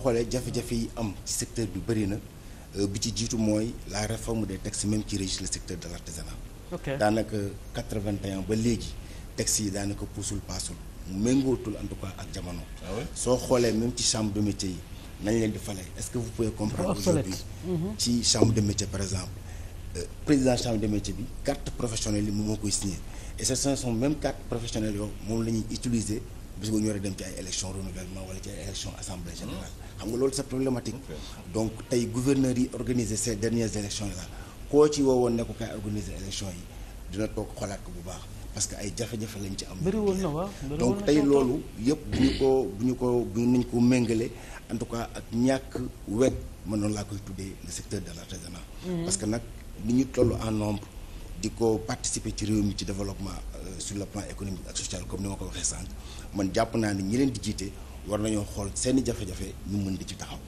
xoolee jafe yi am ci secteur bëri na euh, bi ci jiitu mooy la réforme des textes même qui régissent le secteur de l'artisanat ok daanaka 81 ba léegi textes yi daanaka puusul paasul mu méngootul en tout cas ak jamono. Ah soo xoolee même ci chambre de métier yi nañ leen di fale est-ce que vous pouvez comprendre ah, aujourd'hui mm-hmm. ci chambre de métier par exemple euh, président chambre de métier bi carte professionnelle yi moom moo koy bis bu ñu dem ci ay élection renouvellement wala ci ay élection assemblée générale xam nga loolu c'est problématique donc tey gouverneurs yi organiser ces dernières élections là koo ci woowoon ne ko kaay organiser élection yi dina toog xolaat ko bu baax parce que ay jafe-jafe lañ ci am. bëriwoon na waaw tey loolu yëpp bu ñu ñu ko bu nañ ko méngale en tout cas ak ñàkk wet mënoon laa koy tuddee le secteur de l'artisanat mhm. parce que nag ni ñu toll en nombre di ko participer ci réew mi ci développement euh, sur le plan économique ak social comme ni ma ko waxee sànq man jàpp naa ni ñi leen di jiite. war nañoo xool seen jafe-jafe ñu mën di ci taxaw